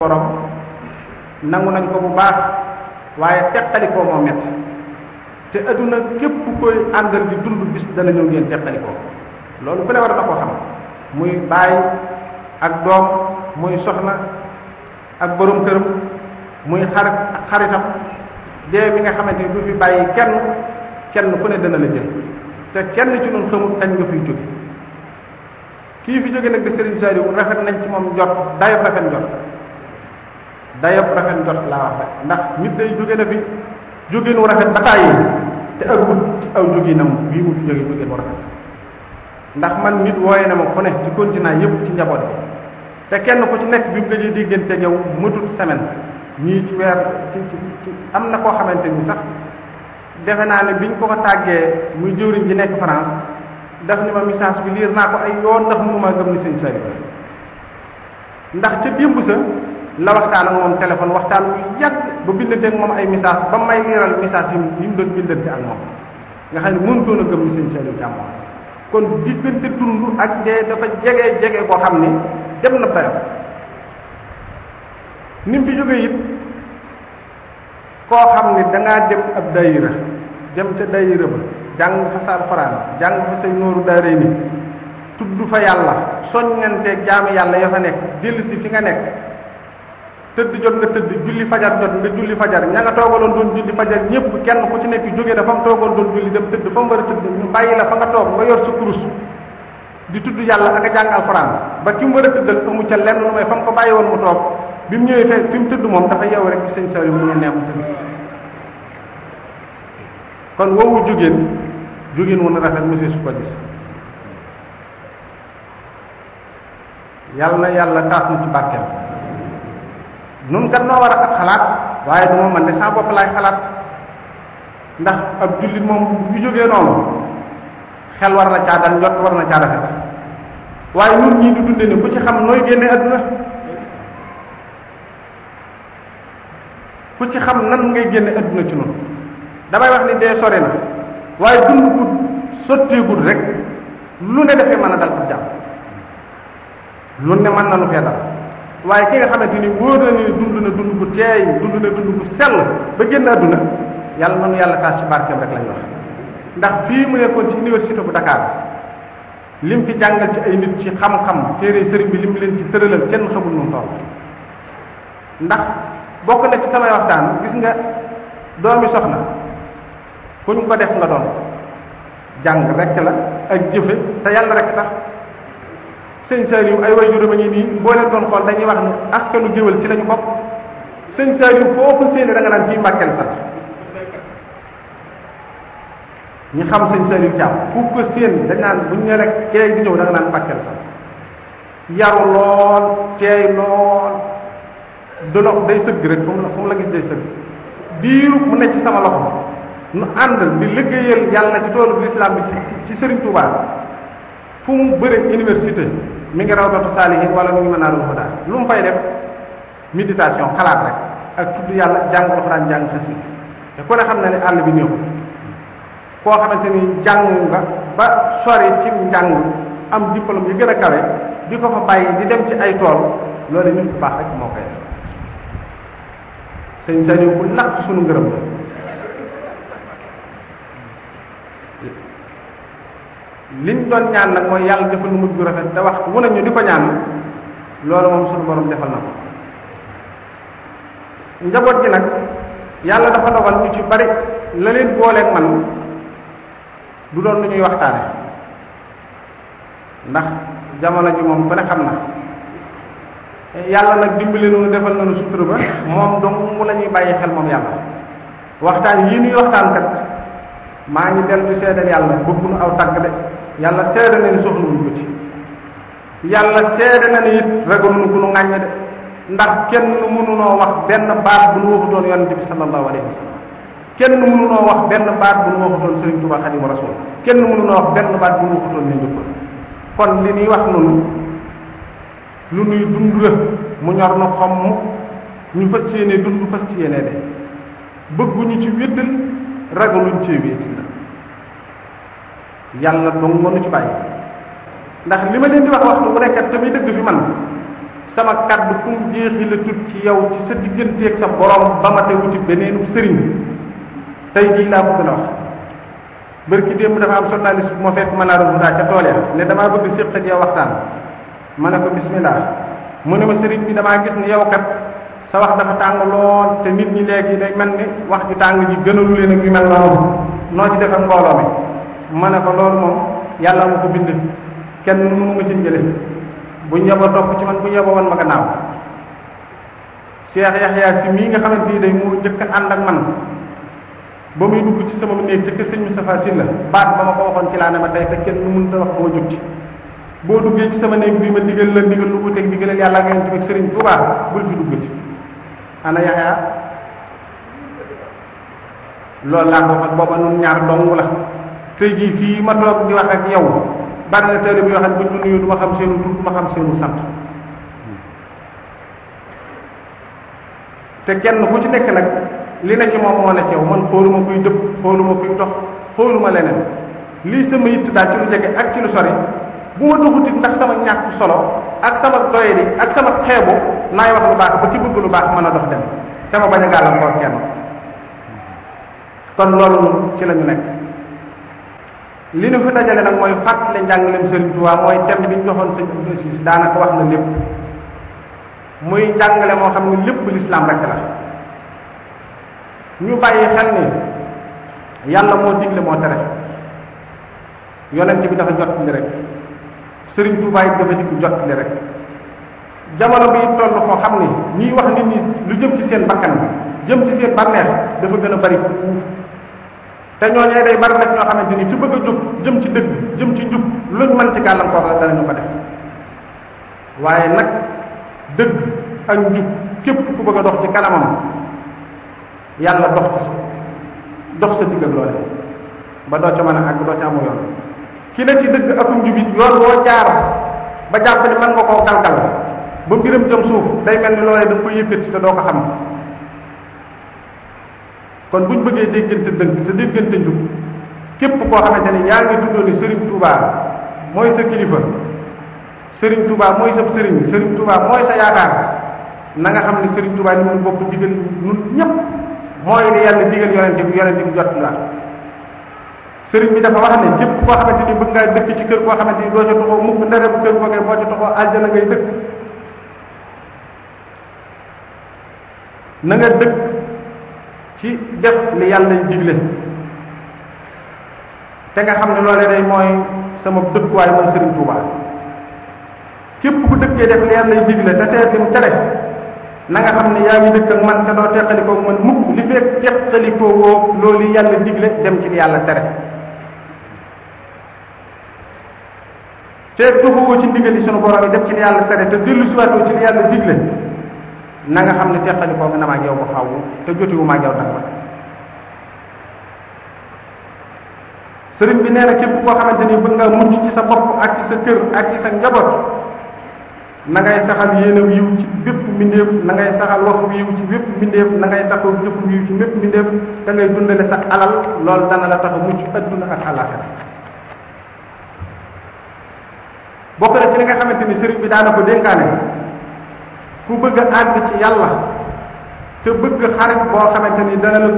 borom nangu nañ ko bu baax waaye teqalikoo moo mett te aduna képp koy àndal di dund bis dana ñëw ngeen teqalikoo loolu ku ne war na ko xam muy bàyyi ak doom muy soxna ak borom këram muy xarit ak xaritam dee mi nga xamante du fi bàyyi kenn kenn ku ne dana la jël te kenn ci nun xamul kañ nga fiy jóge kii fi jóge nag di sëriñ saari rafet nañ ci moom rafet dayab rafet njort laa wax rek ndax nit day jóge na fi jógeen wu rafet ba tàyyi te ëggut ci aw jógeenam bii mu fi jóge jógeen wu rafet ndax man nit wooye na ma fu ne ci continent yépp ci njaboot te kenn ku ci nekk bi mu gëjee diggante yow mëtut semaine ci ci ci am na koo xamante sax defe naa ne biñ ko ko tàggee muy jëwriñ ji nekk France daf ni ma message bi liir naa ko ay yoon ndax mënuma gëm ni sëñ Saliou ndax ca dimb sa la waxtaan ak moom téléphone waxtaan wu yàgg ba bindante ak moom ay message ba may niiral message yu mu doon bindante ak moom nga xam ne mënutoon a gëm seen sëñ Saliou Thiam wax kon diggante dund ak dee dafa jege jege koo xam ne dem na bayam ni mu fi jógee it koo xam ni dangaa dem ab dayira dem ca dayira ba jàng fa saal xoraan jàng fa say nooru daaray ni tudd fa yàlla soññanteeg jaamu yàlla ya fa nekk dellu si fi nga nekk tëdd jot nga tëdd julli fajar jot nga julli fajar ña nga toogaloon doon julli fajar ñëpp kenn ku ci nekk jóge dafa mu toogoon doon julli dem tëdd fa mu war a tëdd ñu bàyyi la fa nga toog nga yor sa kurus di tudd yàlla ak a jàng alxuraan ba ki mu war tëddal amu ca lenn lu may fa mu ko bàyyi woon mu toog bi mu ñëwee fekk fi mu tëdd moom dafa yeew rek sëñ Saliou mu ne neexu tamit kon woowu jógeen jógeen woon rafet monsieur su ko yàlla na yàlla taas na nun kat noo war a ab xalaat waaye du ma man de saa bopp xalaat ndax ab jullit moom bu fi jógee noonu xel war na caa dal war na caa rafet waaye ñun ñii di dunde ni ku ci xam nooy génne adduna ku ci xam nan ngay génne adduna ci noonu damay wax ni dee sori na waaye dund gu sotteegul rek lu ne dafay mën a dal ab lu ne mën na lu fee dal waaye ki nga xamante ni wóor na dund na dund bu teey dund na dund bu sell ba génn àdduna yàlla nanu yàlla taas ci barkeem rek lañ wax ndax fii mu nekkoon ci université bu Dakar lim fi jàngal ci ay nit ci xam-xam téere sëriñ bi lim leen ci tëralal kenn xamul noonu toll ndax bokk na ci samay waxtaan gis nga doomi soxna kuñ ko def nga doon jàng rek la ak jëfe te yàlla rek tax sëñ Saliou ay way juróom a ngi nii doon xool dañuy wax ni askanu géwal ci lañu bokk sëñ Saliou foo ko séen da nga naan kii mbàkkeel sant ñu xam sëñ Saliou Thiam ku ko séen dañ naan buñ ne rek kee di ñëw da nga naan mbàkkeel sant yaru lool teey lool du lox day sëgg rek fu fu la gis day sëgg diiru mu ne ci sama loxo nu ànd di liggéeyal yàlla ci toolu bi lislaam bi ci Serigne Touba fu mu bëre université mi ngi raw rawdatu saalihin wala mi ngi mën naa doon hudaa lu mu fay def méditation xalaat rek ak tudd yàlla jàng alxuraan jàng xasida te ku ne xam na ni àll bi néexut koo xamante ni jàng nga ba sori ci njàng am diplôme yi gën a kawe di ko fa bàyyi di dem ci ay tool loolu nit ku baax rek moo koy def sëñ Saliou ku laq sunu ngërëm la liñ doon ñaan nag mooy yàlla defal nu mujj gu rafet te waxtu wu ñu di ko ñaan loolu moom suñu borom defal na ko njaboot gi nag yàlla dafa dogal ñu ci bari la leen booleeg man du doon lu ñuy waxtaane ndax jamono ji moom ku ne xam na yàlla nag dimbali nu defal nañu sutura ba moom dong mu la ñuy bàyyi xel moom yàlla waxtaan yii ñuy waxtaan kat maa ngi dellu seedal yàlla bëgg aw tàgg de yalla seede na ni soxlawuñ ko ci yàlla seede na ni it ragaluñu ku nu ŋàññ de ndax kenn mënunoo wax benn baat bu nu waxutoon yonente bi salallahu alayhi wa sallam kenn mënunoo wax benn baat bu nu waxutoon sëriñ tuba xadimu rasul kenn mënunoo wax benn baat bu nu waxutoon ne njëkkoon kon li ñuy wax noonu lu nuy dund la mu ñor na xomm ñu fas ci yéene dund fas ci yéene de bëgguñu ci wéttal ragaluñ ci wéttal yang dong mënu ci bàyyi ndax li ma di wax waxtu fi man sama kaddu kum jeexi la tut ci yow ci sa digganteeg sa borom ba ma te wuti beneenub sëriñ tey jii laa ko gën wax barki démb dafa am journaliste bu ma fekk ma naaru ca tool ya, ne damaa bëgg séq ak yow waxtaan ma bismillah mu ma sëriñ bi damaa gis ne yow kat sa wax dafa lool te nit ñi day wax ju ji gënalu leen ak yu mel noonu ci mi ma ne ko loolu moom yàlla ma ko bind kenn mënu ma ci jële bu ñeba topp ci man bu ñeba woon ma gannaaw Cheikh Yaxya si mii nga xamante ni day moo njëkk ànd ak man ba muy dugg ci sama néeg ca kër sëñ Moustapha Sylla baat ba ma ko waxoon ci laa ne ma tey te kenn mënta wax boo jóg ci boo duggee ci sama néeg bi ma digal la ndigal lu ko teg digalal yàlla ak yonent bi Serigne Touba bul fi duggati ana Yaxya loolu laa ko waxoon booba nun ñaar dong la tey jii fii ma toog di wax ak yow bari na taalib yoo xam ne buñ ma nuyoo xam seenu tur du xam seenu sant te kenn ku ci nekk nag li na ci moom moo ne ci yow man xooluma kuy dëpp xooluma kuy dox xooluma leneen lii sama yitt daal ci lu jege ak ci lu sori bu ma doxutit ndax sama ñàkk solo ak sama doyadi ak sama xeebu naay wax lu baax ba ki bëgg lu baax mën a dox dem sama ma bañ a gàllankoor kenn kon loolu ci la nekk li nu fi dajale nag mooy fàttali njàngaleem Serigne Touba mooy thème bi ñu joxoon sëñ Abdou Cissé daanaka wax na lépp muy njàngale moo xam ne lépp lislaam rek la ñu bàyyi xel ni yàlla moo digle moo tere yonent bi dafa jot rek sëriñ Touba it dafa dikk jot rek jamono bi toll foo xam ne ñiy wax nit ñi lu jëm ci seen bakkan jëm ci seen bànneex dafa gën a bari fuuf te ñooñee day bari nag ñoo xamante ni ci bëgg a jóg jëm ci dëgg jëm ci njub luñ mën ci gàllankoor la danañu ko def waaye nag dëgg ak njub képp ku bëgg a dox ci kanamam yàlla dox ci sa dox sa digg ak loolee ba doo ca mën a àgg doo ca amu yoon ki ne ci dëgg ak njub it yoon woo jaar ba jàpp ni mën nga koo kalkal ba mbiram jëm suuf day mel ni loolee da ko koy yëkkati te doo ko xam kon bu ñu bëggee déggante dëgg te déggante njub képp koo xamante ne yaa ngi tuddoo ni Serigne mooy sa kilifa Serigne Touba mooy sa Serigne Serigne Touba mooy sa yaakaar na nga xam ne Serigne Touba li mu bokk digal ñun ñëpp mooy ne yàlla digal yonente bi yonente bi jot la Serigne bi dafa wax ne képp koo xamante ni bëgg ngaa dëkk ci kër koo xamante ni doo ca toxoo mukk ndare bu kër googee boo ca toxoo aljana ngay dëkk na dëkk. ci def li yàlla digle te nga xam ne loolee day mooy sama dëkkuwaay man Serigne Touba képp ku dëkkee def li yàlla digle te teel fi tere na nga xam ne yaa ngi dëkk ak man te doo teqalikoo man mukk li fekk teqalikoo woo loolu yàlla digle dem ci li yàlla tere. fekk tuxuwoo ci ndigal yi sunu borom yi dem ci li yàlla tere te dellu siwaatoo ci li yàlla digle. na nga xam ne teqali koo na maag yow ba faww te jotiwu maag yow dara sëriñ bi nee na képp koo xamante ni bëgg nga mucc ci sa bopp ak ci sa kër ak ci sa njaboot na ngay saxal yéenew yiw ci bépp mbindeef na ngay saxal wax yiw ci bépp mbindeef na ngay taxaw jëfu yiw ci bépp mbindeef da ngay dundale sa alal loolu dana la tax a mucc adduna ak àllaaxira bokk na ci li nga xamante ni sëriñ bi daana ko dénkaane ku bëgg àgg ci yàlla te bëgg xarit boo xamante ni dana la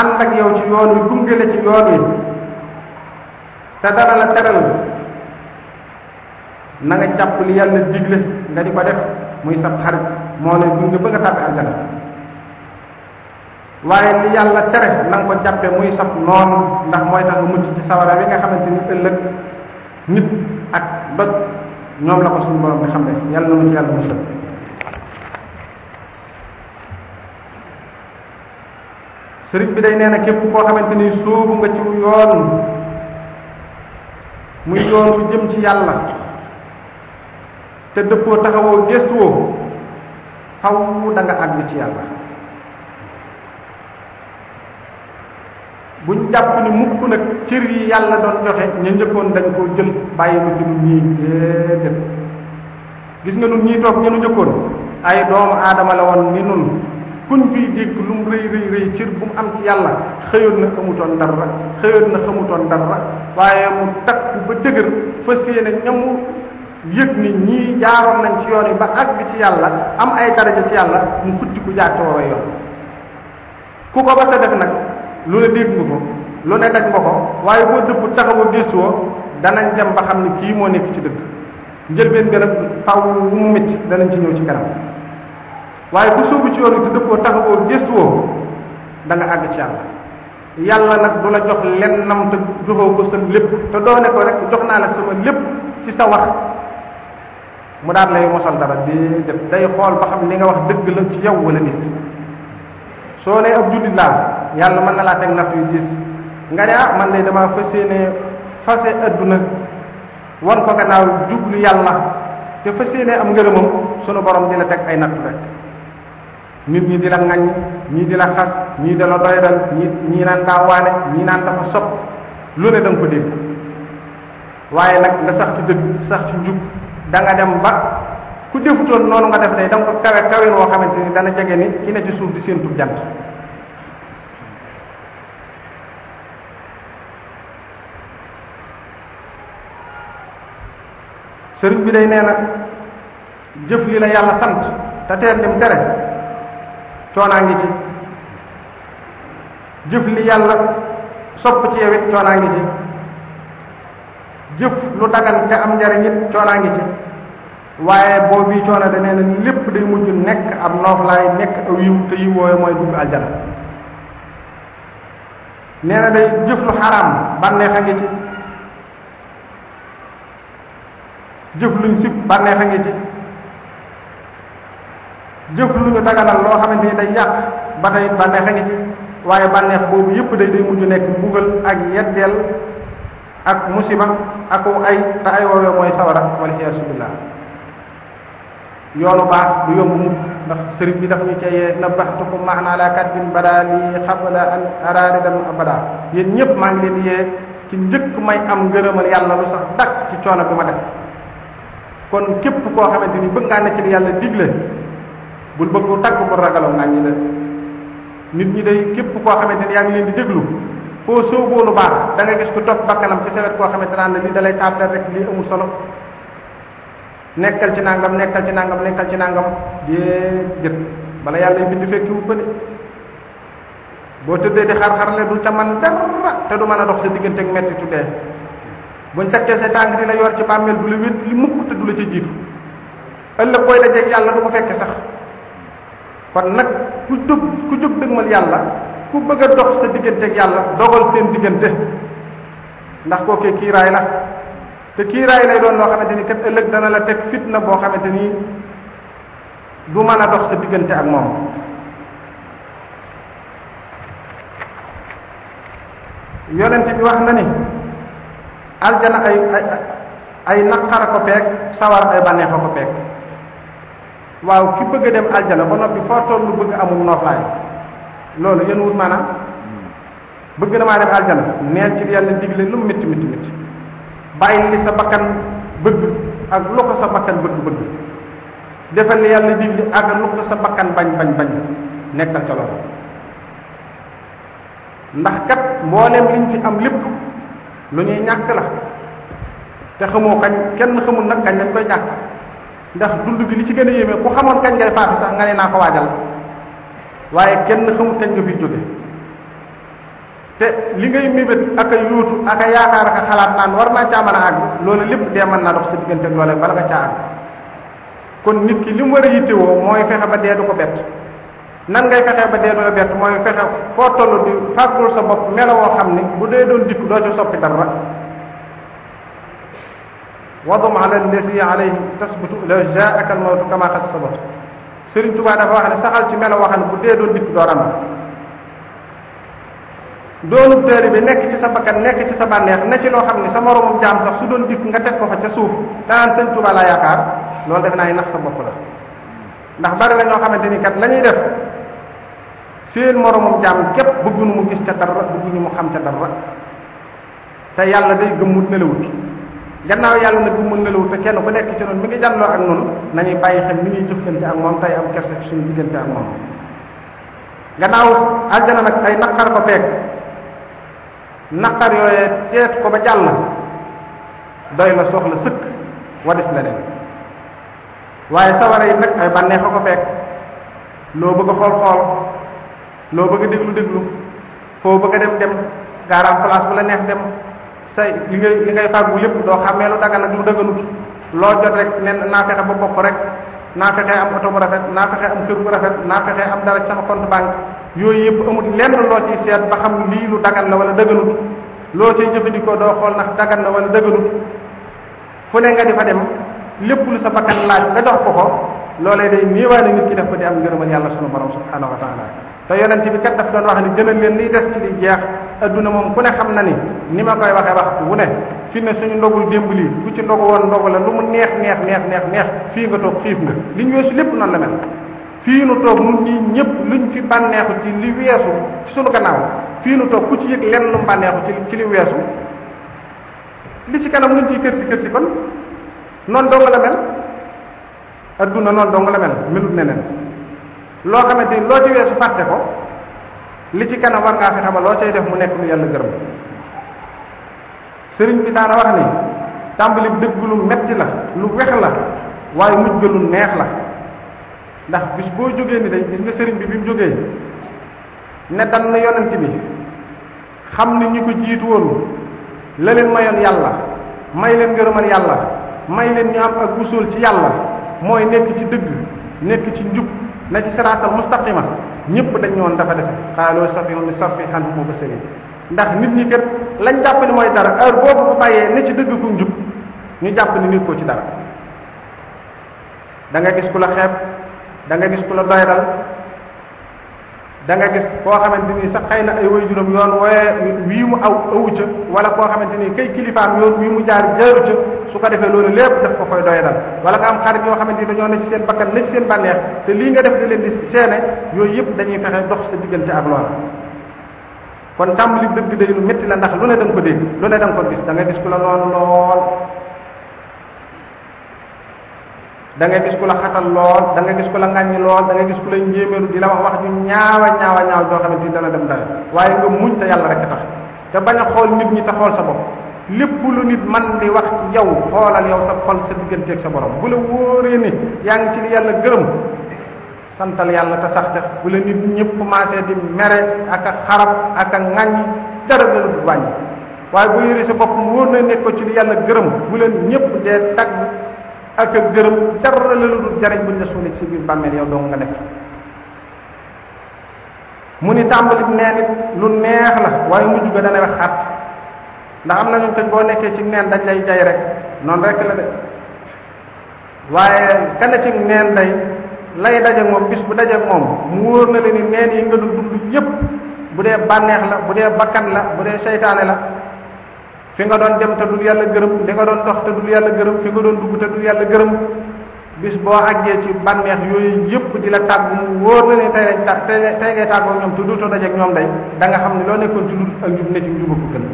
ànd ak yow ci yoon wi gunge la ci yoon wi te dana la teral na nga jàpp li yàlla digle nga di ko def muy sab xarit moo lay gunge ba nga tàbbi aljana waaye li yàlla tere na nga ko jàppe muy sab noonu ndax mooy tax nga mucc ci sawara wi nga xamante ni ëllëg nit ak doj ñoom la ko suñu borom di xam ne yàlla na mu ci yàlla musal sëriñ bi day nee na képp koo xamante ni sóobu nga ci yoon muy yoon wu jëm ci yàlla te dëppoo taxawoo gestuwoo faw da àgg ci yàlla buñ jàpp ni mukk nag cër yi yàlla doon joxe ñu njëkkoon dañ koo jël bàyyi nu fi nun ñii déedéet gis nga nun ñii toog ñenu njëkkoon ay doomu aadama la woon ni nun kuñ fiy dégg lu mu rëy rëy rëy cër bu mu am ci yàlla xëyoon na xamutoon dara xëyoon na xamutoon dara waaye mu takku ba dëgër fas yéene ñamu yëg ni ñii jaaroon nañ ci yoon yi ba àgg ci yàlla am ay daraja ci yàlla mu futti ku jaar toowa yoon ku ko ba sa def nag lu ne dégg nga ko lu ne daj nga ko waaye boo dëpp taxawu gëstuwoo danañ dem ba xam ne kii moo nekk ci dëgg njëlbeen gën a faw mu métti danañ ci ñëw ci kanam waaye ku suubu ci yoon wi te dëppoo taxawoo gëstu da nga àgg ci yàlla yàlla nag du la jox lennam te joxoo ko sa lépp te doo ne ko rek jox naa la sama lépp ci sa wax mu daan lay mosal dara déedéet day xool ba xam li nga wax dëgg la ci yow wala déet soo nee ab jullit laa yàlla mën na laa teg natt yu gis nga ne ah man de dama fas fase adduna wan ko gannaaw jublu yàlla te fas yéene am ngërëmam sunu borom di la teg ay natt rek nit ñi di la ngañ ñi di la xas ñi di la doyadal ñi ñi naan daa waane ñi naan dafa sob lu ne da nga ko dégg waaye nag nga sax ci dëgg sax ci njub da nga dem ba ku defutoon noonu nga def day da ko kawe kawe woo xamante dana jege ni ki ne ci suuf di seen jant sëriñ bi day nee na jëf li la yàlla sant te teer lim tere coonaa ngi ci jëf li yàlla sopp ci yow coonaa ngi ci jëf lu dagan te am njariñ it coonaa ngi ci waaye boo bii coono da nee na lépp day mujj nekk ab nooflaay nekk aw yiw te yiw woowe mooy dugg aljana nee na day jëf lu xaraam bànneex a ngi ci jëf luñ sib bànneex a ngi ci jëf lu ñu daganal loo xamante ni day yàq ba tey bànneex a ngi ci waaye bànneex boobu yépp day day mujj nekk mbugal ak yeddeel ak musiba ak ay te ay woowee mooy sawara walxiyaasu billah yoonu baax du yomb mukk ndax sëriñ bi daf ñu ceyee nabbaxtukum maana ala kaddin badaa li xabla an araaridan abada yéen ñëpp maa ngi leen yee ci njëkk may am ngërëmal yàlla lu sax dakk ci coono bi ma def kon képp koo xamante ni bëgg ngaa li yàlla digle bul bëgg ku tàgg ko ragalam ngàññi la nit ñi day képp koo xamante ne yaa ngi leen di déglu foo sóoboo lu baax da nga gis ku topp bakkanam ci sawet koo xamante naan la lii dalay tàppale rek lii amul solo nekkal ci nangam nekkal ci nangam nekkal ci nangam dee jët bala yàlla bind fekkiwu ko de boo tëddee di xar-xarle du ca man dara te du mën a dox sa diggante ak metti tuddee buñ takkee sa tànk di la yor ci bàmmeel du la wét li mukk te du la ca jiitu ëllëg booy dajeeg yàlla du ko fekke sax kon nag ku jóg ku jóg dëgmal yàlla ku bëgg a dox sa diggante ak yàlla dogal seen diggante ndax kookee kiiraay la te kiiraay lay doon loo xamante ni kat ëllëg dana la teg na boo xamante ni du mën a dox sa diggante ak moom yonent bi wax na ni aljana ay ay ay naqara ko peeg sawar ay bànneexa ko peeg waaw ki bëgg dem aljana ba noppi foo toll lu bëgg amul noflaay loolu yéen wut maanaam bëgg na maa dem aljana neel ci yàlla digle lu métti métti métti bàyyi li sa bakkan bëgg ak lu ko sa bakkan bëgg-bëgg defal li yàlla digle ak lu ko sa bakkan bañ bañ bañ nekkal ca loolu ndax kat liñ fi am lépp lu ñuy ñàkk la te xamoo kañ kenn xamul nag kañ lañ koy ñàkk ndax dund gi li ci gën a yéeme ku xamoon kañ ngay faatu sax nga ne naa ko waajal waaye kenn xamul kañ nga fiy jóge te li ngay mébét ak a yóotu ak a yaakaar ak a xalaat naan war naa caa mën a àgg loolu lépp dee mën naa dox sa diggante ak loolee bala nga caa àgg kon nit ki li mu war a yittewoo mooy fexe ba dee du ko bett nan ngay fexe ba dee du ko bett mooy fexe foo toll di fàggul sa bopp melawoo xam ni bu dee doon dikk doo ca soppi dara wadum ala alaihi alayhim tasbutu la jaaka al-maut kama qad sabat sëriñ tubaa dafa wax ne saxal ci melo wax ne bu dee doon dikk doo ram doonub tëri bi nekk ci sa bakkan nekk ci sa bànneex ne ci loo xam ne sa moromum jaam sax su doon jam nga teg ko fa ca suuf danaan sëñ tubaa la def nax sa la ndax bari la ñoo kat def seen mu gis ca dara mu xam ca dara te day gannaaw yàlla nag bu mën nelaw te kenn ku nekk ci noonu mi ngi jàlloo ak noonu nañuy bàyyi xel ni ñuy jëflante ak moom tey am kersa ci suñu diggante ak moom gannaaw àjjana nag ay naqar ko peeg naqar yooyee teet ko ba jàll doy la soxla sëkk wadif leneen waaye sawara yi nag ay bànneex ko peeg loo bëgg a xool-xool loo bëgg a déglu déglu foo bëgg a dem dem gaaraam place bu la neex dem say li ngay li ngay fàggu yépp doo xàmmee lu dagan ak lu dëgganut loo jot rek ne naa fexe ba bokk rek naa fexe am oto bu rafet naa fexe am kër bu rafet naa fexe am dara ci sama compte banque yooyu yëpp amut lenn loo ciy seet ba xam lii lu dagan la wala dëgganut loo ciy jëfandikoo doo xool ndax dagan la wala dëgganut fu ne nga di fa dem lépp lu sa bakkan laaj nga dox ko ko loolee day néewaane nit ki def ba di am ngërëmal yàlla sunu borom subhanahu wa taala te yonent bi kat daf doon wax ni gënal leen liy des ci di jeex adduna moom ku ne xam na ni ni ma koy waxee waxtu wu ne fi ne suñu ndogul démb lii ku ci ndog woon ndog la lu mu neex neex neex neex neex fii nga toog xiif nga li ñu weesu lépp noonu la fii nu toog nun ñëpp luñ fi bànneexu ci li weesu ci suñu fii nu toog ku ci lenn lu mu bànneexu ci ci li weesu li ci kanam luñ ciy kër ci kër si kon noonu dong la mel adduna noonu dong la mel melut neneen loo xamante ni loo ci weesu fàtte ko li ci kanam war ngaa fexe ba loo cay def mu nekk lu yàlla gërëm sëriñ bi daana wax ni tàmbali dëgg lu metti la lu wex la waaye mujj ga lu neex la ndax bis boo jógee ni dañ gis nga sëriñ bi bi mu jógee ne dan na yonent bi xam ni ñi ko jiitu woon la leen mayoon yàlla may leen ngërëmal yàlla may leen ñu am ak wusul ci yàlla mooy nekk ci dëgg nekk ci njub na ci mustaqima ñëpp dañ ñoon dafa dese xaaloo safihun bi sarfi anhum basari ndax nit ñi kat lañ jàpp ni mooy dara heure boobu ko bàyyee ne ci dëgg gu ñu jàpp ni nit ko ci dara danga gis ku la xeeb danga gis ku la doyadal da nga gis koo xamante nii sax xëy na ay way juróom yoon wooyee wii mu aw awu ca wala koo xamante ni kay kilifaam yoon wii mu jaar jaaru ca su ko defee loolu lépp daf ko koy doy dal wala nga am xarit yoo xamante ni dañoo ne ci seen bakkan ne ci seen bànneex te lii nga def di leen di seene yooyu yëpp dañuy fexe dox sa diggante ak loola kon tàmbali dëgg de lu metti la ndax lu ne da ko dégg lu ne da nga ko gis da nga gis ku la noonu lool da nga gis ku la xatal lool da nga gis ku la lool da nga gis di la wax wax ju ñaawa ñaawa ñaaw joo xamante ni dana dem dara waaye nga muñ te yàlla rek tax te bañ a xool nit ñi te xool sa bopp lépp lu nit man di wax ci yow xoolal yow sa xol sa sa borom bu la ni ci li santal yàlla te sax ca bu la nit di mere ak harap xarab ak a ŋàññi dara la du wàññi waaye bu yëri sa bopp mu wóor na nekk ci li bu ak ak gërëm dara la lu dul jariñ buñ la suulee ci biir bàmmeel yow dong nga def mu ni tàmbali neen it lu neex na waaye mujj ga dana we xat ndax am na ñoom toj boo nekkee ci neen dañ lay jay rek noonu rek la de waaye kenn ci neen day lay dajeeg moom bis bu dajeeg moom mu wóor na la ni neen yi nga dul dund yépp bu dee bànneex la bu dee bakkan la bu dee seytaane la fi nga doon dem te dul yàlla gërëm li nga doon dox te dul yàlla gërëm fi nga doon dugg te dul yàlla gërëm bis boo àggee ci bànneex yooyu yépp di la tàgg mu wóor la ne tey lañ ta tey tey ngay tàggoo ñoom te duutoo dajeeg ñoom day da nga xam ne loo nekkoon ci lu ak njub ne ci njuba ko gën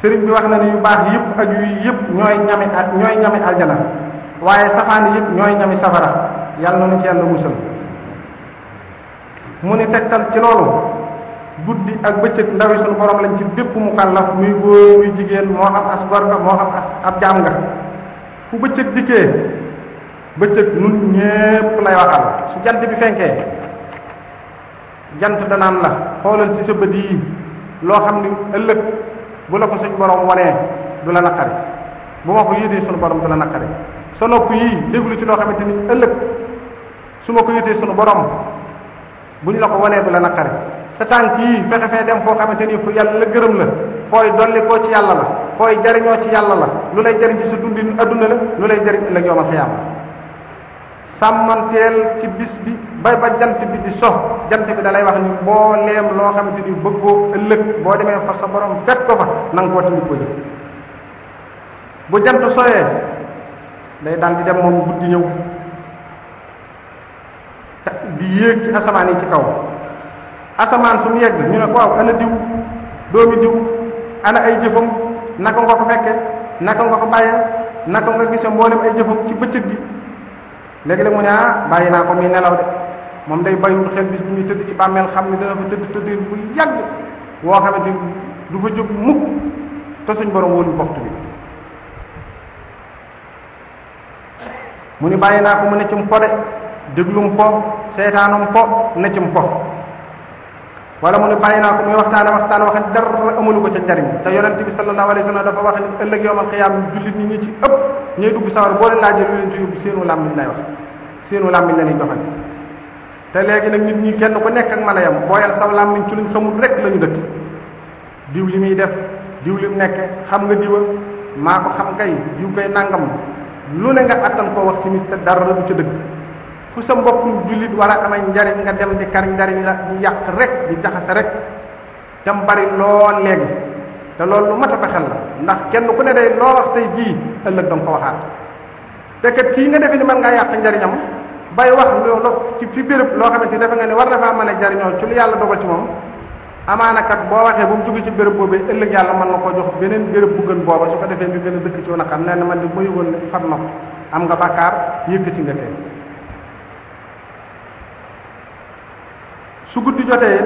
sëriñ bi wax na ne yu baax yépp ak yu yépp ñooy ñami ak ñooy ñami aljana waaye ñooy safara yàlla ci yàlla musal mu ni tegtal ci loolu guddi ak bëccëg ndaw yi borom lañ ci bépp mu kàllaf muy góor muy jigéen moo am as gor moo am as ab jaam nga fu bëccëg dikkee bëccëg nun ñépp lay waxal su jant bi fenkee jant danaan la xoolal ci sa bët yi loo xam ni ëllëg bu la ko suñ borom wanee du la naqari bu ma ko yéetee sunu borom du la naqari sa nopp yii déglu ci loo xamante ni ëllëg su ma ko yéetee sunu borom bu ñu la ko wanee du la naqari Setan ki, yii fexe fee dem foo xamante ni fu yàlla foy gërëm la fooy dolli koo ci yàlla la foy jariñoo ci yàlla la lu lay jariñ ci sa dundin adduna la lu lay jariñ ëllëg yoomal xiyaam sàmmanteel ci bis bi bay ba jant bi di so jant bi da lay wax ni boo leem loo xamante ni bëggoo bo boo demee fa sa borom fekk ko fa na nga koo tindi ko bu jant day di dem guddi di ci ci kaw asamaan su mu yegg ñu ne ko waaw ana diw doomi diw ana ay jëfam naka nga ko fekke naka nga ko bàyyee naka nga gisee mboolem ay jëfam ci bëccëg gi léegi-léeg mu ne ah bàyyi naa ko muy nelaw de moom day bàyyiwul xel bis bu ñuy tëdd ci bàmmeel xam ne dana fa tëdd tëdd bu yàgg woo xamante du fa jóg mukk te suñ borom wóolu boftu bi mu ni bàyyi naa ko mu ne cim po de déglum po seetaanum po ne cim po wala mu ne bàyyi naa ko muy waxtaane waxtaane wax ne dara amulu ko ca njariñ te yonent bi sallallahu alayhi wa sallam dafa wax ne ëllëg yowmal xiyaam jullit ñi ñi ci ëpp ñooy dugg sawar boo leen laajee lu leen ci yóbbu seenu làmmiñ lay wax seenu làmmiñ la ñuy joxal te léegi nag nit ñi kenn ko nekk ak mala yam booyal saw làmmiñ ci luñ xamul rek la ñu dëkk diw li muy def diw li mu nekk xam nga diwa maa ko xam kay diw koy nangam lu ne nga attan koo wax tamit te dara du ca dëkk fu sa mbokkum julit war a amay njariñ nga kan dem di kar njariñ la di yàq rek di jaxase rek dem bari lool léegi te loolu lu mat a baxel la ndax kenn ku ne day loo wax tey jii ëllëg danga ko waxaat te kat kii nga defe ni man ngaa yàq njariñam bay wax loolu ci fi béréb loo xamante defe nga ne war na faa mën a ci lu yàlla dogal ci moom amaana kat bu mu ci jox bu gën su ko dëkk ci man di am nga bàkkaar yëkkati nga su guddi jotee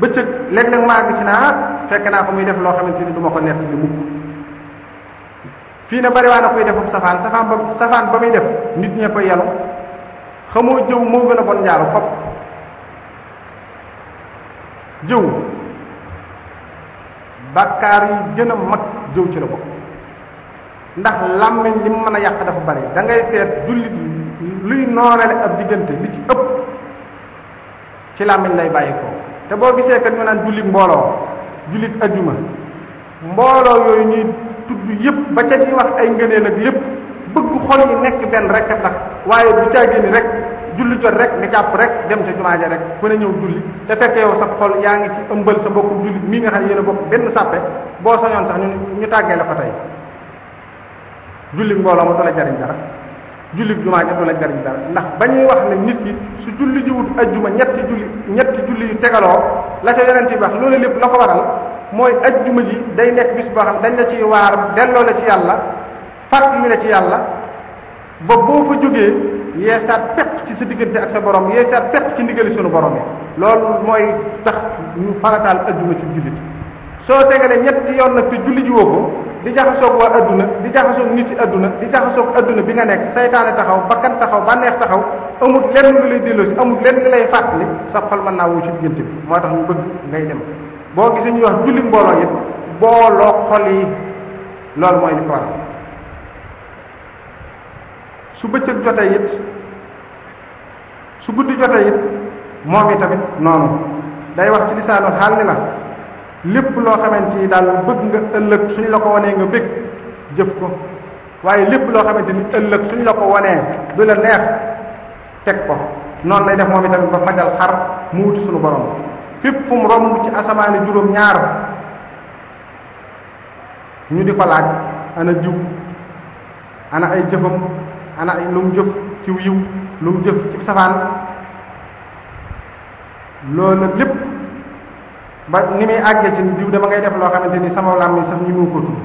bëccëg léeg-léeg ma àgg ci naa fekk naa ko muy def loo xamante ni du ma ko nett li mukk fii ne bari waa na koy defub safaan safaan ba safaan ba muy def nit ñee koy yalu xamoo jëw moo gën bon njaalu fop jëw bàkkaar yi gën mag jëw ci la ndax li mu mën dafa bari da ngay luy ab li ci ëpp ci làmmiñ lay bàyyi te boo gisee kat ñu naan jullit mbooloo jullit ajjuma mbooloo yooyu ñuy tudd yépp ba ca ñuy wax ay ak bëgg xol yi nekk rek tax waaye bu caagee rek julli jot rek nga rek dem ca jumaa rek ku ne ñëw julli te fekk yow sa xol yaa ci ëmbal sa bokkum jullit mii nga xam ne yéen a bokk benn sàppe sax ñu ñu la ko julli jariñ dara julli juma ja du la jariñ dara ndax bañuy wax ne nit ki su julli ji wut aljuma ñetti julli ñetti julli yu tegaloo la ca yonente bi wax loolu lépp la ko waral mooy aljuma ji day nekk bis boo xam dañ la ciy waar delloo la ci yàlla fàttali la ci yàlla ba boo fa jógee yeesaat peq ci sa diggante ak sa borom yeesaat peq ci ndigali sunu borom yi loolu mooy tax ñu farataal aljuma ci jullit soo tegalee ñetti yoon nag te julli ji woo ko di jaxasoog waa aduna di jaxasoog nit ci aduna di jaxasoog aduna bi nga nekk saytaane taxaw bakkan taxaw bànneex taxaw amul lenn lu lay delloosi amul lenn li lay fàttali sa xol mën naa woo ci diggante bi moo ñu bëgg ngay dem boo gisee ñuy wax julli mbooloo it booloo xol yi loolu mooy li ko su bëccëg jotee it su guddi jotee it moom tamit noonu day wax ci lisaanu xaal ni la lépp loo xamante ni daal bëgg nga ëllëg suñu la ko wonee nga bëgg jëf ko waaye lépp loo xamante ni ëllëg suñu la ko wanee du la neex teg ko noonu lay def moom itamit ba fajal xar mu wuti suñu borom fépp fu mu romb ci asamaani juróom ñaar ñu di ko laaj ana jiw ana ay jëfam ana ay lu mu jëf ci yiw lu mu jëf ci safaan loolu lépp ba ni muy àggee ci diw dama ngay def loo xamante ni sama làmmiñ sax ñu mu ko tudd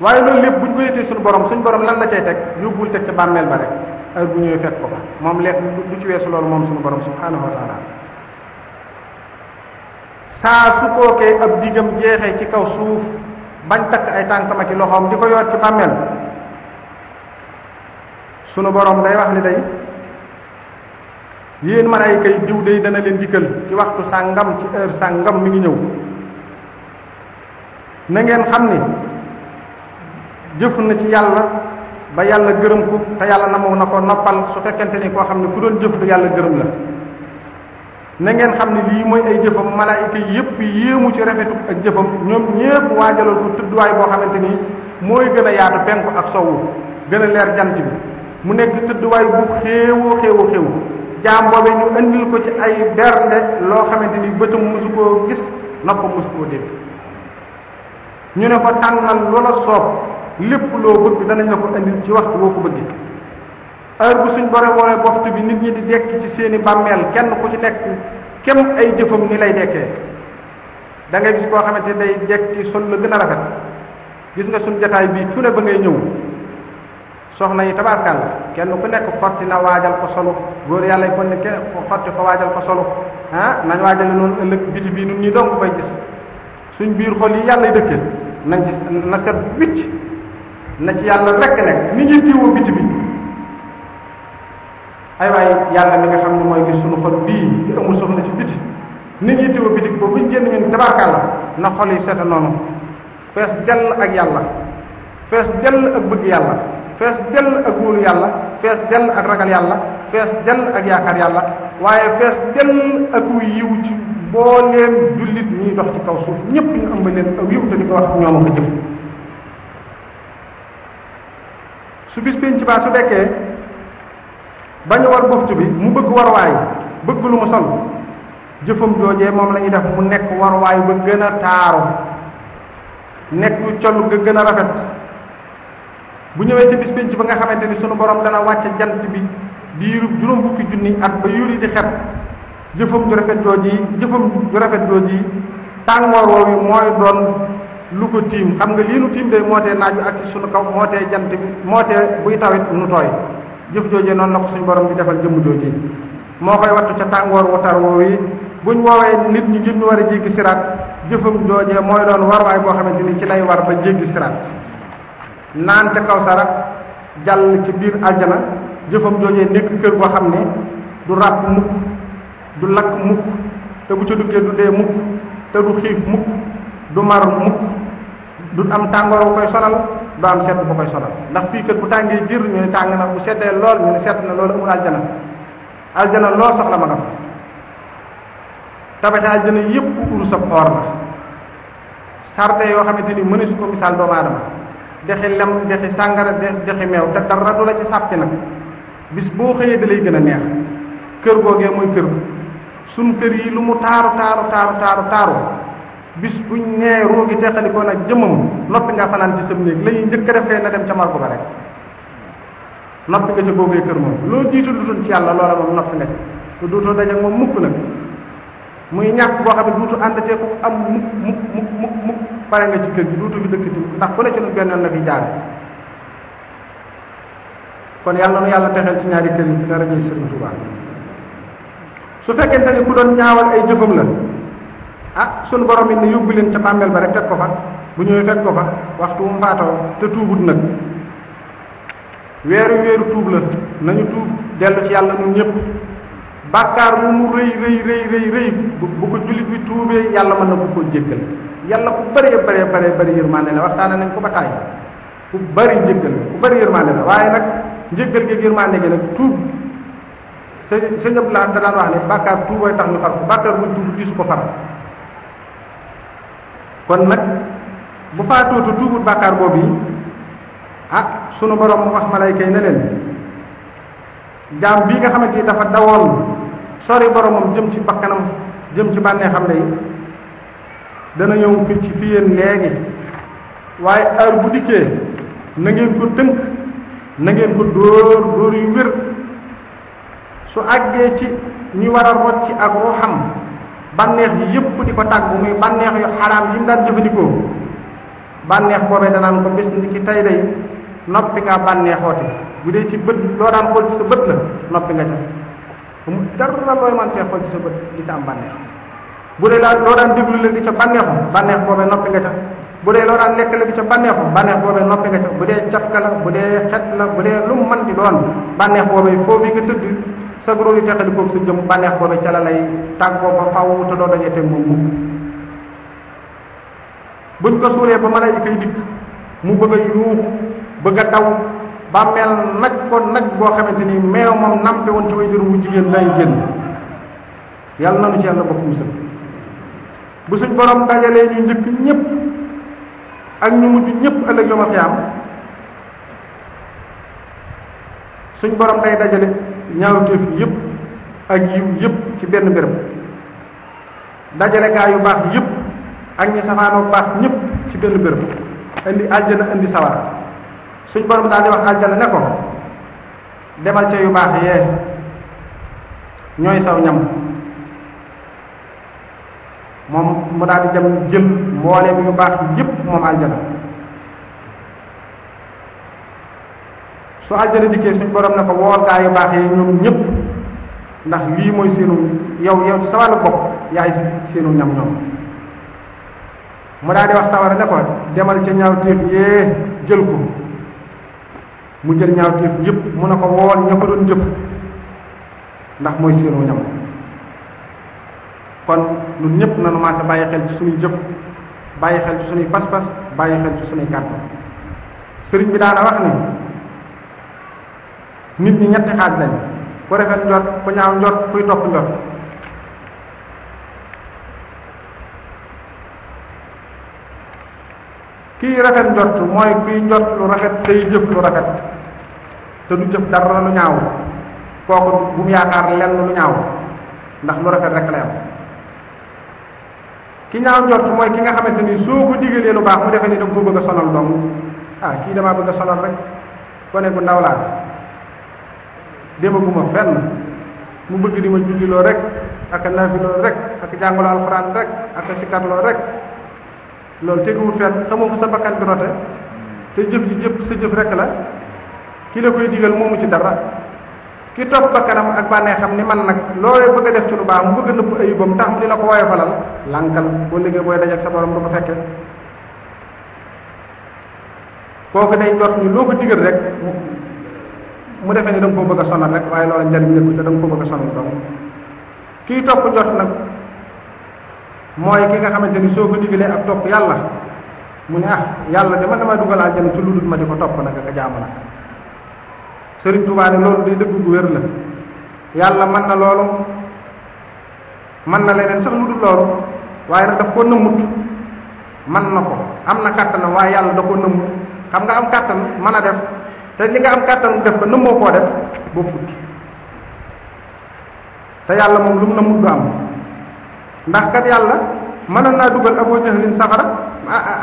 waaye loolu lépp buñ ko suñu borom suñu borom lan la cay teg yóbbul teg ca bàmmeel ba rek heure bu ñëwee fekk ko fa moom leet du ci weesu loolu moom suñu borom subhanahu wa taala saa su kookee ab digam jeexee ci kaw suuf bañ takk ay tànkam ak loxoom di ko yor ci bàmmeel borom day wax ni day yéen malayka yi diw day dana leen dikkal ci waxtu sàngam ci heure hamni, mi ngi ñëw na ngeen xam jëf na ci yàlla ba yàlla gërëm ko te yàlla namoo na ko noppal su fekkente ni koo xam ne ku doon jëf du yàlla gërëm la na ngeen xam ne lii mooy ay jëfam malaayika yépp yéemu ci rafetu ak jëfam ñoom ñépp waajalal ko tëdduwaay boo xamante ni mooy gën yaatu penku ak sowu gën leer jant bi mu nekk bu jaam boobee ñu andil ko ci ay bernde loo xamante ni bëtam musu koo gis noppam musu koo dégg ñu ne ko tànnal lu la soob lépp loo bëgg danañ la ko andil ci waxtu woo ko bëggee heure bu suñ borom wala boftu bi nit ñi di dekk ci seeni bàmmeel kenn ku ci nekk kem ay jëfam ni lay dekkee da ngay gis koo xamante day dekki sol la gën a rafet gis nga suñ jataay bi ku ne ba ngay ñëw soxna yi tabaarkal la kenn ku nekk xotti na waajal ko solo góor yàlla yi ko ne kenn xotti ko waajal ko solo ah nañ waajale noonu ëllëg biti bii nun ñi dong koy gis suñ biir xol yi yàlla dëkkee nañ ci na set wicc na ci yàlla rekk nekk ni ñuy tiiwu biti bi ay waaye yàlla mi nga xam ne mooy gis suñu xol bii te amul soxla ci biti nit ñi tiwa bitik boobu ñu génn ñun la na xol yi sete noonu fees dell ak yàlla fees dell ak bëgg yàlla fees del ak wóolu yàlla fees dell ak ragal yàlla fees dell ak yaakaar yàlla waaye fees dell ak yiw ci mbooleem jullit ñuy dox ci kaw suuf ñépp ñu ëmb leen aw yiw te di ko wax ñoom ko jëf su bis penc baa su dekkee bañ a war boftu bi mu bëgg warwaay bëgg lu mu sol def mu nekk ba taaru nekk ga rafet bu ñëwee ca bis penc ba nga xamante ni sunu borom dana jant bi juróom fukki junni at ba yuri di xet jëfam ju rafet jooji jëfam ju rafet jooji tàngoor woowu mooy doon lu ko tiim xam nga lii nu tiim day mootee naaj bi ak sunu kaw jant bi buy tawit nu tooy jëf noonu ko suñu borom di defal jëmm jooji moo koy wattu ca tàngoor wu tar woowu buñ woowee nit ñi ngir ñu war a jéggi siraat jëfam jooje mooy doon warwaay boo xamante ni ci lay war ba jéggi siraat naan ca kawsar ak jàll ci biir àjjana jëfam joojee nekk kër goo xam ni du ràpp mukk du lakk mukk te bu ca duggee du dee mukk te du xiif mukk du mar mukk du am tàngoor bu koy sonal du am sedd bu koy sonal ndax fii kër bu tàngee jir ñu ne tàng na bu seddee lool ñu ne sedd na loolu amul aljana aljana loo soxla ma nga fa tabaxi aljana yépp urusab or la sarte yoo xamante ni mënees ko misaal doomu aadama dexi lem dexi sàngara dexi meew te dara du la ci sàppi nag bis boo xëyee da lay gën a neex kër googee muy kër sun kër yi lu mu taaru taaru taaru taaru taaru bis buñ nee roogi teqalikoo nag jëmmam noppi nga fanaan ci sam néeg lañuy njëkk a def kay na dem ca margo ba rek noppi nga ca googee kër moom loo jiitu lutul ci yàlla loola moom noppi nga ca te dootoo dajak moom mukk nag muy ñàkk boo xam ne duutu ko am mukk mukk mukk mukk pare nga ci kër gi duutu bi dëkkati ndax ku ne ci nun benn la fi jaar kon yàlla nu yàlla texel ci ñaari kër yi ci dara ñuy sëriñ Tuubaa su fekkente ni ku doon ñaawal ay jëfam la ah sunu borom it ne yóbbu leen ca bàmmeel ba rek teg ko fa bu ñëwee fekk ko fa waxtu mu faatoo te tuubut nag weeru tuub la nañu tuub ci ñëpp bakar lu mu rëy rëy rëy rëy rëy bu ko ya bi tuubee yàlla mën ya ko koo jéggal yàlla ku bëree bëree bëree bëri yërmaande la nañ ko ba ku beri njëggal ku beri yërmaande la waaye nag ke gi yërmaande gi nag tuub sëñ sëñ Abdou Lahad da daan wax ne bakar tuubay tax ñu far ko bàkkaar buñ tuub di su ko far kon nag bu ah sunu borom wax malayka ne leen jaam bii nga dafa sori boromam jëm ci bakkanam jëm ci bànnee xam ne dana ñëw fi ci fi yéen léegi waaye heure bu dikkee na ngeen ko tënk na ngeen ko dóor dóor yu wér su àggee ci ñi war a rocc ak ruuxam bànneex yi yépp di ko tàggu muy bànneex yu xaraam yi mu daan jëfandikoo bànneex boobee danaan ko bés ni tey day noppi nga bànneexoote bu dee ci bët loo daan xool ci sa bët la noppi nga ca mu dara looy man cee xool ci sa di ca am bànneex bu dee di ca bànneexu bànneex boobee noppi nga ca bu dee loo daan lekk di ca bànneexu bànneex boobee noppi nga ca bu dee la bu xet la bu lu man di doon bànneex boobee foofu nga tëdd sa gróor yi teqali koog sa jëm bànneex boobee ca la lay ba buñ ko ba yi mu bëgg bëgg daw bàmmeel nag ko nag boo xamante ni meew moom nampe woon ci way jur mu jigéen day génn yàlla nanu ci yàlla bokk musal bu suñ borom dajalee ñu njëkk ñëpp ak ñu mujj ñëpp ëllëg yu ma xiyaam suñ borom day dajale ñaawteef yëpp ak yiw yëpp ci benn béréb dajale gaa yu baax yëpp ak ñi safaanoo baax ñëpp ci benn béréb indi àjjana indi sawara suñ borom daal di wax aljana ne ko demal ca yu baax yee ñooy saw ñam moom mu daal di dem jël mbooleem yu baax yépp moom aljana su aljana dikkee suñ borom ne ko wool gaa yu baax yi ñoom ñépp ndax lii mooy seenu yow yow sa wàllu bopp yaay seenu ñam ñoom mu daal di wax sawara ne ko demal ca ñaaw téef yee jël ko mu jël ñaaw téef yépp mu ne ko woon ña ko doon jëf ndax mooy seenu ñam kon ñun ñëpp nanu maasa bàyyi xel ci suñuy jëf bàyyi xel ci suñuy pas-pas bàyyi xel ci suñuy kàddu sëriñ bi daana wax ni nit ñi ñetti xaaj lañ ku rafet njort ku ñaaw njort kuy topp njort kii rafet njort mooy kuy njort lu rafet tey jëf lu rafet te du jëf dara lu ñaaw kooku bu mu yaakaar lenn lu ñaaw ndax lu rafet rek la am ki ñaaw njort mooy ki nga xamante ni soo ko digalee lu baax mu defee ni da ko bëgg a sonal dong ah kii damaa bëgg a sonal rek gone bu ndaw laa demaguma fenn mu bëgg di ma julliloo rek ak naafiloo rek ak jàngaloo alxuraan rek ak sikkarloo rek loolu teguwul fenn xamoo fu sa bakkan bi rote te jëf ji jëpp sa jëf rek la ki la koy digal moomu ci dara ki topp bakkanam ak bànnee xam ni man nag looy bëgg a def ci lu baax mu bëgg a nëbb ayibam tax mu di la ko woyofalal lànkal boo liggéey booy dajak sa borom du ko fekke kooku day jot ñu loo ko digal rek mu ni da nga koo bëgg a sonal rek waaye te da nga koo bëgg a sonal kii topp jot nag mooy ki nga xamante ni soo ko digalee ak topp yàlla mu ne ah yàlla dama dama dugal àjjana ci lu dul ma di ko topp nag ak jaamu nag sëriñ Tuubaa ne loolu day dëgg gu wér la yàlla mën na loolu mën na leneen sax lu dul loolu waaye nag daf ko nëmmut mën na ko am na kàttanam waaye yàlla da ko nëmmut xam nga am kàttan mën a def te li nga am kàttan def ko nëmmoo koo def bokkut te yàlla moom lu mu nëmmut du am ndax kat yàlla mënoon naa dugal aboo jahlin safara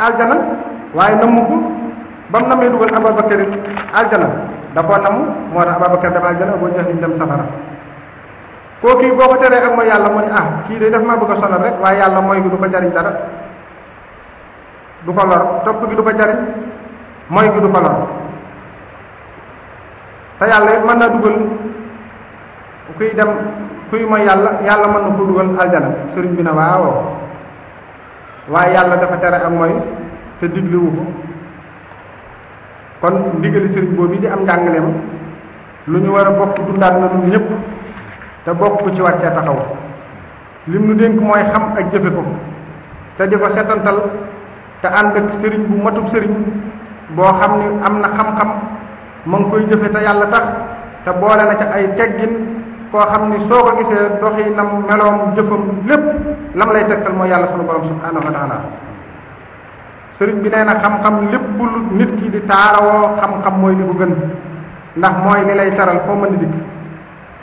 aljana waaye namm ko ba mu namee dugal ababakar aljana da koo namm moo tax ababakar dem aljana aboo jahlin dem safara kooku boo ko teree ak mooy yàlla mu ne ah kii de daf maa bëgg a sonal rek waaye yàlla mooy gi du ko jariñ dara du ko lor topp gi du ko jariñ mooy gi du ko lor te yàlla mën naa dugal kuy dem kuy ma yalla yalla mën ko dugal aljana sëriñ bi ne waaw waaye yàlla dafa tere am mooy te diglewu ko kon ndigali sëriñ boobu di am njàngaleem lu ñu war a bokk dundaat na ñun ñëpp te bokk ko ci war cee taxaw lim nu dénk mooy xam ak ko te setantal te ak bu matub sëriñ boo xam ni am na xam-xam ma ngi koy jëfe te yàlla tax te boole na ay teggin koo xam ni soo ko gisee doxinam meloom jëfam lépp lam lay tegtal mooy yàlla sunu borom subhanahu wa taala sëriñ bi nee na xam-xam lépp lu nit ki di taarawoo xam-xam mooy li ko gën ndax mooy li lay taral foo mën di dikk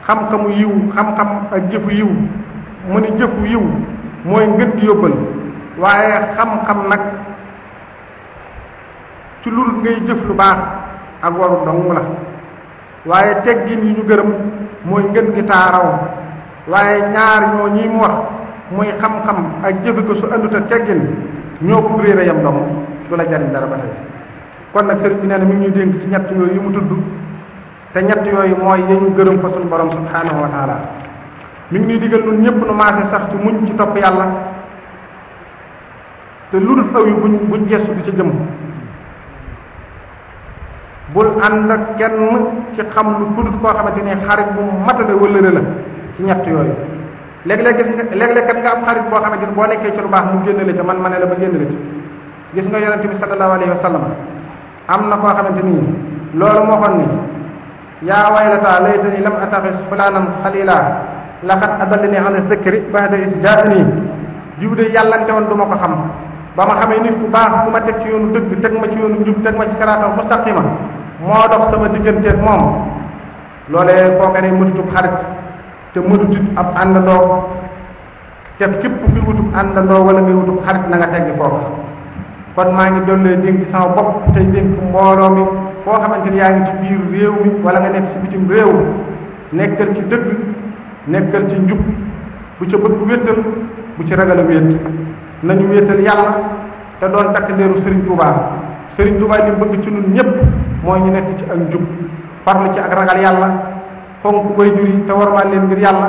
xam-xamu yiw xam-xam ak jëfu yiw mu ni jëfu yiw mooy ngën di yóbbal waaye xam-xam nag ci lul ngay jëf lu baax ak waru dong la waaye teggin yi ñu gërëm mooy ngën gi taaraw waaye ñaar ñoo ñi mu wax muy xam-xam ak jëfe ko su andut a teggin ñoo ko réere yam dong du la jariñ dara ba tey kon nag sëriñ bi nee na mi ngi ñuy dénk ci ñett yooyu yi mu tudd te ñett yooyu mooy ya gërëm fa suñu borom subhanahu wa taala mi ngi ñuy digal nun ñëpp nu maase sax ci muñ ci topp yàlla te lu aw buñ buñ gestu di jëm bul ànd ak kenn ci xam lu kudut koo xamante ni xarit bu matale wëllëre la ci ñett yooyu léeg-léeg gis nga léeg-léeg kat nga am xarit boo xamante ni boo nekkee ci lu baax mu génn la ca man ma ne la ba génn gis nga yonente bi sallallahu alayhi wa sallam am na koo xamante ni loolu moo kon ni yaa waylataa laytani lam ataxis fulaanan xalila laqad adallani an dhikri ba'da is jaa'ani diw de yàllante woon du ma ko xam ba ma xamee nit ku baax ku ma teg ci yoonu dëgg teg ma ci yoonu njub teg ma ci siraatal mustaqima moo dox sama digganteeg moom loolee kooka day mënutub xarit te mënutut ab àndandoo te képp kuy wutub àndandoo wala ngay wutub xarit na nga teggi kooka kon maa ngi dollee dénk sama bopp tey dénk mbooloo mi koo xamante ni yaa ngi ci biir réew mi wala nga nekk ci bitim réew nekkal ci dëgg nekkal ci njub bu ca bëgg wéttal bu ci ragal a wéet nañu wéttal yàlla te doon takk ndeeru Serigne Touba Serigne Touba li bëgg ci ñun ñëpp. mooy ñu nekk ci ak njub farlu ci ak ragal yàlla fonk koy juri te warmaal leen ngir yàlla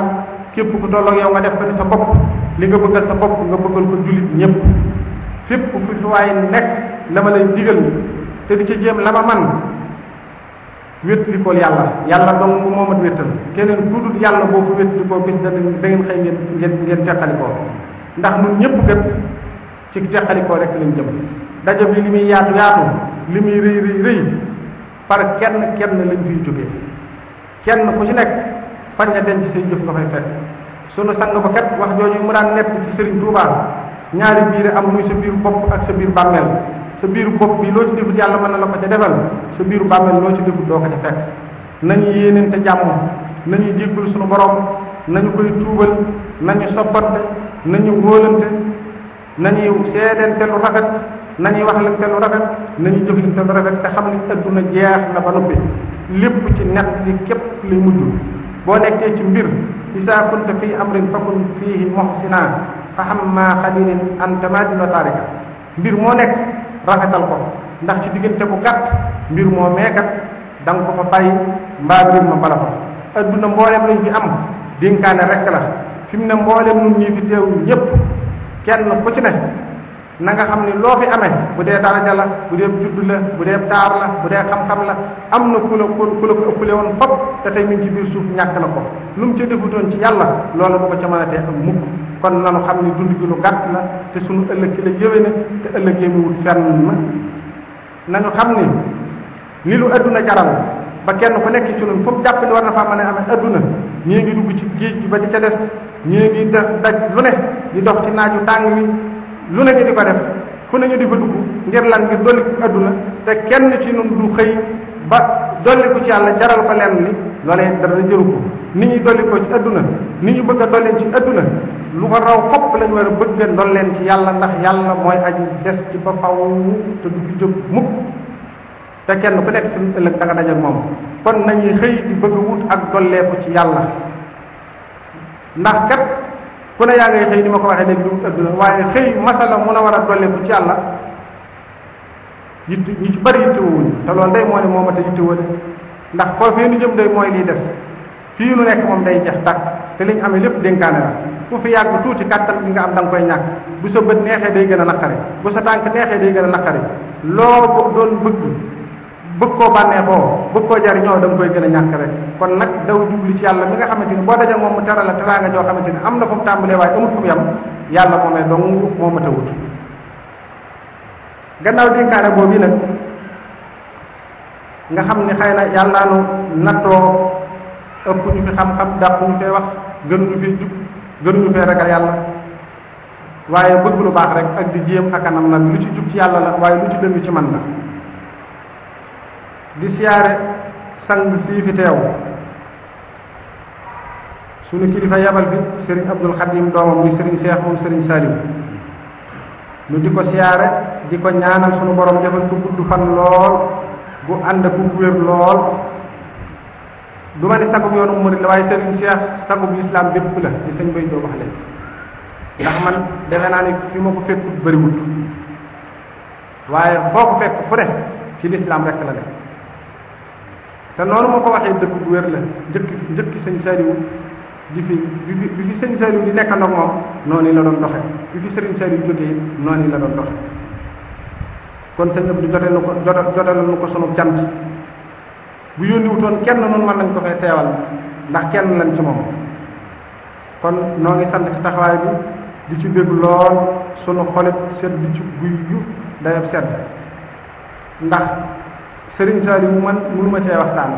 képp ku tolloog yow nga def ko ni sa bopp li nga bëggal sa bopp nga bëggal ko julit ñépp fépp fu fi waaye nekk la ma lay digal te di ci jéem la ma man wéttalikool yàlla yàlla dong bu moomat wéttal keneen ku dul yàlla boo ko bis da ngeen xëy ngeen ngeen ngeen teqalikoo ndax kat ci teqalikoo rek lañ jëm dajab li muy yaatu yaatu li muy rëy rëy rëy par kenn kenn lañ fiy jógee kenn ku ci nekk fañ la denc say jëf nga fay fekk sunu sang ba kat wax jooju mu daan nett ci sëriñ Touba ñaari biir am muy sa biir bopp ak sa biir bàmmeel sa biir bopp bi loo ci nanyi yàlla mën na la ko ca defal sa biir bàmmeel loo ci defut doo ko ca fekk nañu jàmm nañu jéggul sunu borom nañu koy tuubal nañu soppante nañu wóolante nañu lu rafet nañuy waxlante lu rafet nañuy jëflante lu rafet te xam ne adduna jeex na ba bi lépp ci nett li képp li mujj boo nekkee ci mbir isaa kunta fii amrin fakun fiihi muhsinaa fa hamma xalilin an tamaadin wa taarika mbir moo nekk rafetal ko ndax ci diggante bu gàtt mbir moo meekat da ko fa bàyyi mbaa mbir ma bala fa adduna mboolem lañ fi am dénkaane rekk la fi mu ne mboolem nun ñii fi teew ñépp kenn ku ci ne nanga xam ni loo fi amee bu dee daraja la bu dee judd la bu dee taar la bu dee xam-xam la am na ku la ku ku la woon fop te tey mi ngi ci biir suuf ñàkk na ko lu mu ca defutoon ci yàlla loolu na ko ca mënatee ak mukk kon nanu xam ni dund gi lu gàtt la te suñu ëllëg ki la yéwé na te ëllëg yi mu wut fenn ma nañu xam ni li lu adduna jaram ba kenn ku nekk ci ñun foofu jàpp ni war na faa mën a amee adduna ñii ngi dugg ci géej gi ba di ca des ñii ngi def daj lu ne di dox ci tàng wi lu ne ñu di ko def fu ne ñu di fa dugg ngir lan ngir dolli aduna te kenn ci nun du xëy ba dolli ko ci yàlla jaral ko lenn li loolee dara jëru ko ni ñuy dolli ko ci aduna ni ñu bëgg a dolleen ci aduna lu ko raw fopp lañ war a bëgg ndolleen ci yàlla ndax yàlla mooy aji des ci ba faw te du fi jóg mukk te kenn ku nekk fi mu ëllëg da nga dajal moom kon nañuy xëy di bëgg wut ak dolleeku ci yàlla ndax kat fu ne yaa ngay xëy ni ma ko waxee léegi du adduna waaye xëy masala mu la war a dolleeku ci yàlla yitt ñu ci bëri yittewuñu te loolu day moo ne moo ma te yittewoo de ndax foofu foofee nu jëm day mooy liy des fii nu nekk moom day jeex tàkk te li ñu amee lépp dénkaane la ku fi yàgg tuuti kàttan bi nga am danga koy ñàkk bu sa bët neexee day gën a naqare bu sa tànk neexee day gën a naqare loo doon bëgg bëgg koo bànneexoo bëgg koo jariñoo da nga koy gën a ñàkk rek kon nag daw jubli ci yàlla mi nga xamante ni boo dajee moom mu tera la xamante ni am na fu mu tàmbalee waaye amul mu yem yàlla moomee dong moo mat a wut gannaaw dénkaane boobu nag nga xam ni xëy na yàllaa nu nattoo ëpp ñu fi xam-xam dàpp ñu fee wax gënuñu fee jub gënuñu fee ragal yàlla waaye bëgg lu baax rek ak di jéem ak anam nag lu ci jub ci yàlla la waaye lu ci dëng ci man la di siyaare sang sii fi teew suñu kilifa yabal fi sëriñ abdul xadim doomam muy sëriñ seex moom sëriñ salim nu di ko siyaare di ko ñaanal suñu borom defal ko gudd fan lool bu ànd ak ku wér lool du ma ne sagub yoonu murid la waaye sëriñ seex sagub lislaam bépp la di sëñ bay doo wax léegi ndax man defe naa ne fi ma ko fekkut bëriwut waaye foo ko fekk fu ne ci lislaam rekk la de te noonu moo ko waxee dëgg bu wér la njëkk njëkki sëñ Saliou di fi bi fi sëñ Saliou di nekk ndox moom noonu la doon doxe bi fi sëriñ Saliou jógee noonu la doon doxe kon sëñ Abdou jotee na ko jotee na ko sunu cant bu yónni wutoon kenn noonu mën nañ ko fee teewal ndax kenn lañ ci moom kon noo ngi sant ci taxawaay bi di ci bég lool sunu xolit sedd ci guy yu dayab sedd ndax sëriñ Saliou mu man mënuma cee waxtaan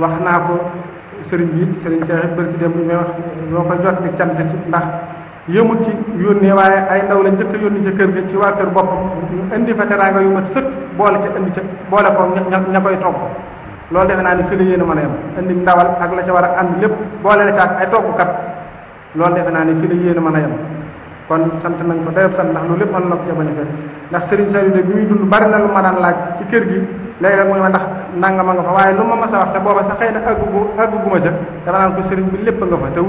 wax naa ko sëriñ bi sëriñ Cheikh bërki dem bi may wax ñoo ko jot di cant ci ndax yëmut ci yónnee waaye ay ndaw lañ njëkk a yónni ca kër gi ci waa kër boppam ñu indi fa teraanga yu mat sëkk boole ca indi ci boole ko ña ña koy togg loolu defe naa ne fii la yéen a mën a yem indi ndawal ak la ca war a ànd lépp boole la ca ak ay toggkat loolu defe naa ne fii la yéen a mën a yem kon sant nañ ko dayab sant ndax loolu lépp mën na ko ca bañ a fekk ndax Serigne Saliou de bi muy dund bari na lu ma daan laaj ci kër gi léeg-léeg mu ne ma ndax nangama nga fa waaye lu ma mas a wax te booba sax xëy na àggu àgguguma ca dafa naan ko Serigne bi lépp nga fa